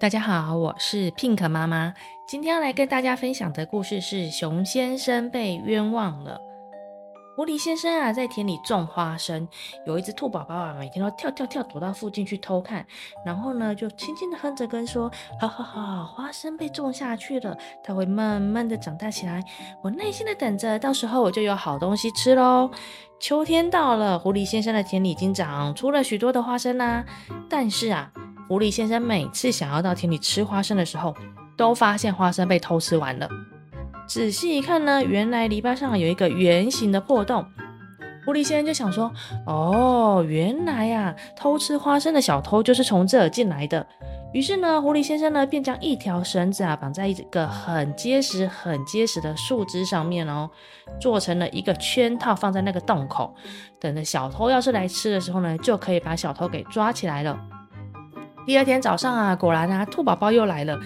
大家好，我是 Pink 媽媽。今天要來跟大家分享的故事是《熊先生被冤枉了》。狐狸先生啊，在田裡種花生，有一隻兔寶寶啊，每天都跳跳跳，躲到附近去偷看。然後呢，就輕輕地哼着歌說：“好好好，花生被種下去了，它會慢慢地長大起來。我耐心的等着，到時候我就有好東西吃嘍。”秋天到了，狐狸先生的田裡已經長出了許多的花生啦。但是啊。狐狸先生每次想要到田裡吃花生的時候，都發現花生被偷吃完了。仔細一看呢，原來籬笆上有一個圓形的破洞。狐狸先生就想說：“哦，原來呀，偷吃花生的小偷就是從這兒進來的。”於是呢，狐狸先生呢便將一條繩子啊綁在一個很結實、很結實的樹枝上面哦，做成了一個圈套，放在那個洞口。等着小偷要是來吃的時候呢，就可以把小偷給抓起來了。第二天早上啊，果然啊，兔寶寶又來了。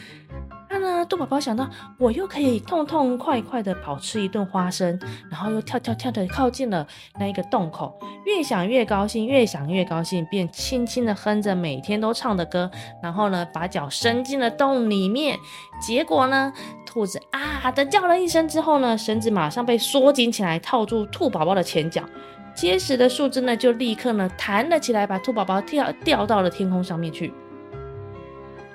他呢，兔寶寶想到我又可以痛痛快快的飽吃一頓花生，然後又跳跳跳的靠近了那一個洞口。越想越高興，越想越高興，便輕輕的哼着每天都唱的歌，然後呢，把腳伸進了洞裡面。結果呢，兔子啊的叫了一聲之後呢，繩子馬上被縮緊起來，套住兔寶寶的前腳。結實的樹枝呢，就立刻呢彈了起來，把兔寶寶跳掉到了天空上面去。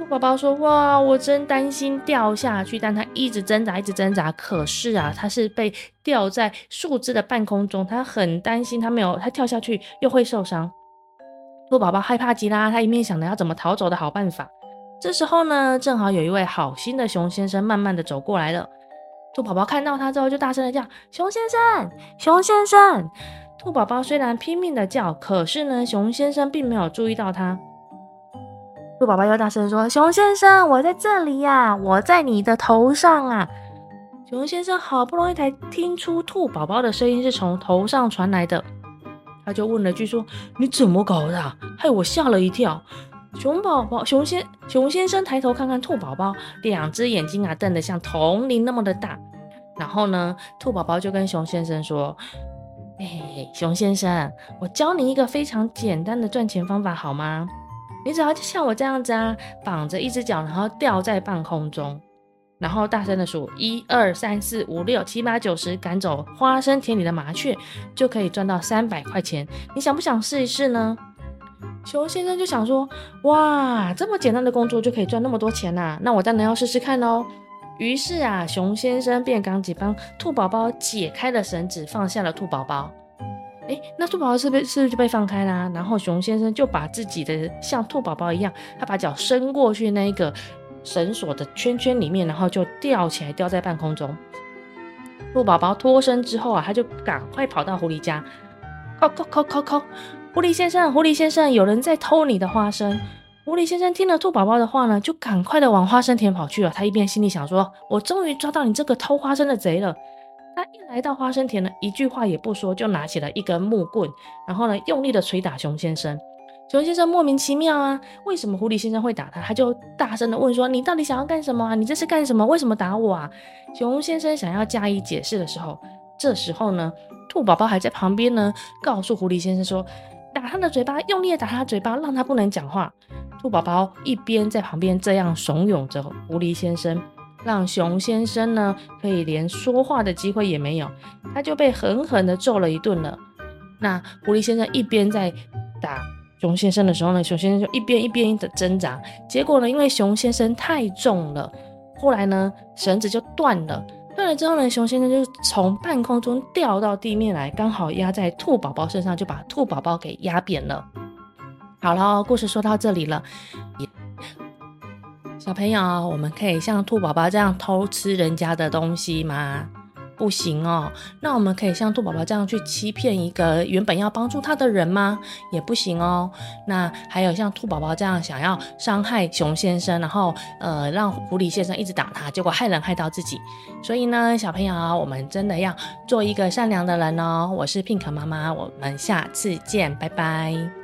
兔寶寶說：“哇，我真擔心掉下去。”但他一直掙扎，一直掙扎。可是啊，他是被吊在樹枝的半空中，他很擔心，他沒有他跳下去又會受傷。兔寶寶害怕極啦，他一面想着要怎麼逃走的好辦法。這時候呢，正好有一位好心的熊先生慢慢的走過來了。兔寶寶看到他之後，就大聲的叫：“熊先生，熊先生！”兔寶寶雖然拼命的叫，可是呢，熊先生並沒有注意到他。兔寶寶又大聲說：“熊先生，我在這裡呀、啊，我在你的頭上啊！”熊先生好不容易才聽出兔寶寶的聲音是從頭上傳來的，他就問了句說：“說你怎麼搞的、啊？害我嚇了一跳。”熊寶寶，熊先熊先生抬頭看看兔寶寶，兩隻眼睛啊瞪得像銅鈴那麼的大。然後呢，兔寶寶就跟熊先生說：“嘿、欸、熊先生，我教你一個非常簡單的賺錢方法，好嗎？”你只要像我這樣子啊，綁着一隻腳，然後吊在半空中，然後大聲的數一二三四五六七八九十，趕走花生田裡的麻雀，就可以賺到三百塊錢。你想不想試一試呢？熊先生就想說，哇，這麼簡單的工作就可以賺那麼多錢吶、啊？那我當然要試試看嘍。於是啊，熊先生便趕緊幫兔寶寶解開了繩子，放下了兔寶寶。哎，那兔寶寶是不是，是不是就被放開了啊？然後熊先生就把自己的像兔寶寶一樣，他把腳伸過去那個繩索的圈圈裡面，然後就吊起來，吊在半空中。兔寶寶脫身之後啊，他就趕快跑到狐狸家，叩叩叩叩叩，狐狸先生，狐狸先生，有人在偷你的花生。狐狸先生聽了兔寶寶的話呢，就趕快的往花生田跑去了。他一邊心裡想說，我終於抓到你這個偷花生的賊了。他一來到花生田呢，一句話也不說，就拿起了一根木棍，然後呢，用力的捶打熊先生。熊先生莫名其妙啊，為什麼狐狸先生會打他？他就大聲的問說：“你到底想要幹什麼啊？你這是幹什麼？為什麼打我啊？”熊先生想要加以解釋的時候，這時候呢，兔寶寶還在旁邊呢，告訴狐狸先生說：“打他的嘴巴，用力的打他的嘴巴，讓他不能講話。”兔寶寶一邊在旁邊這樣慫恿着狐狸先生。讓熊先生呢，可以連說話的機會也沒有，他就被狠狠地揍了一頓了。那狐狸先生一邊在打熊先生的時候呢，熊先生就一邊一邊的掙扎。結果呢，因為熊先生太重了，後來呢，繩子就斷了。斷了之後呢，熊先生就從半空中掉到地面來，剛好壓在兔寶寶身上，就把兔寶寶給壓扁了。好了，故事說到這裡了。小朋友，我們可以像兔寶寶這樣偷吃人家的東西嗎？不行哦。那我們可以像兔寶寶這樣去欺騙一個原本要幫助他的人嗎？也不行哦。那還有像兔寶寶這樣想要傷害熊先生，然後呃讓狐狸先生一直打他，結果害人害到自己。所以呢，小朋友，我們真的要做一個善良的人哦。我是 Pink 媽媽，我們下次見，拜拜。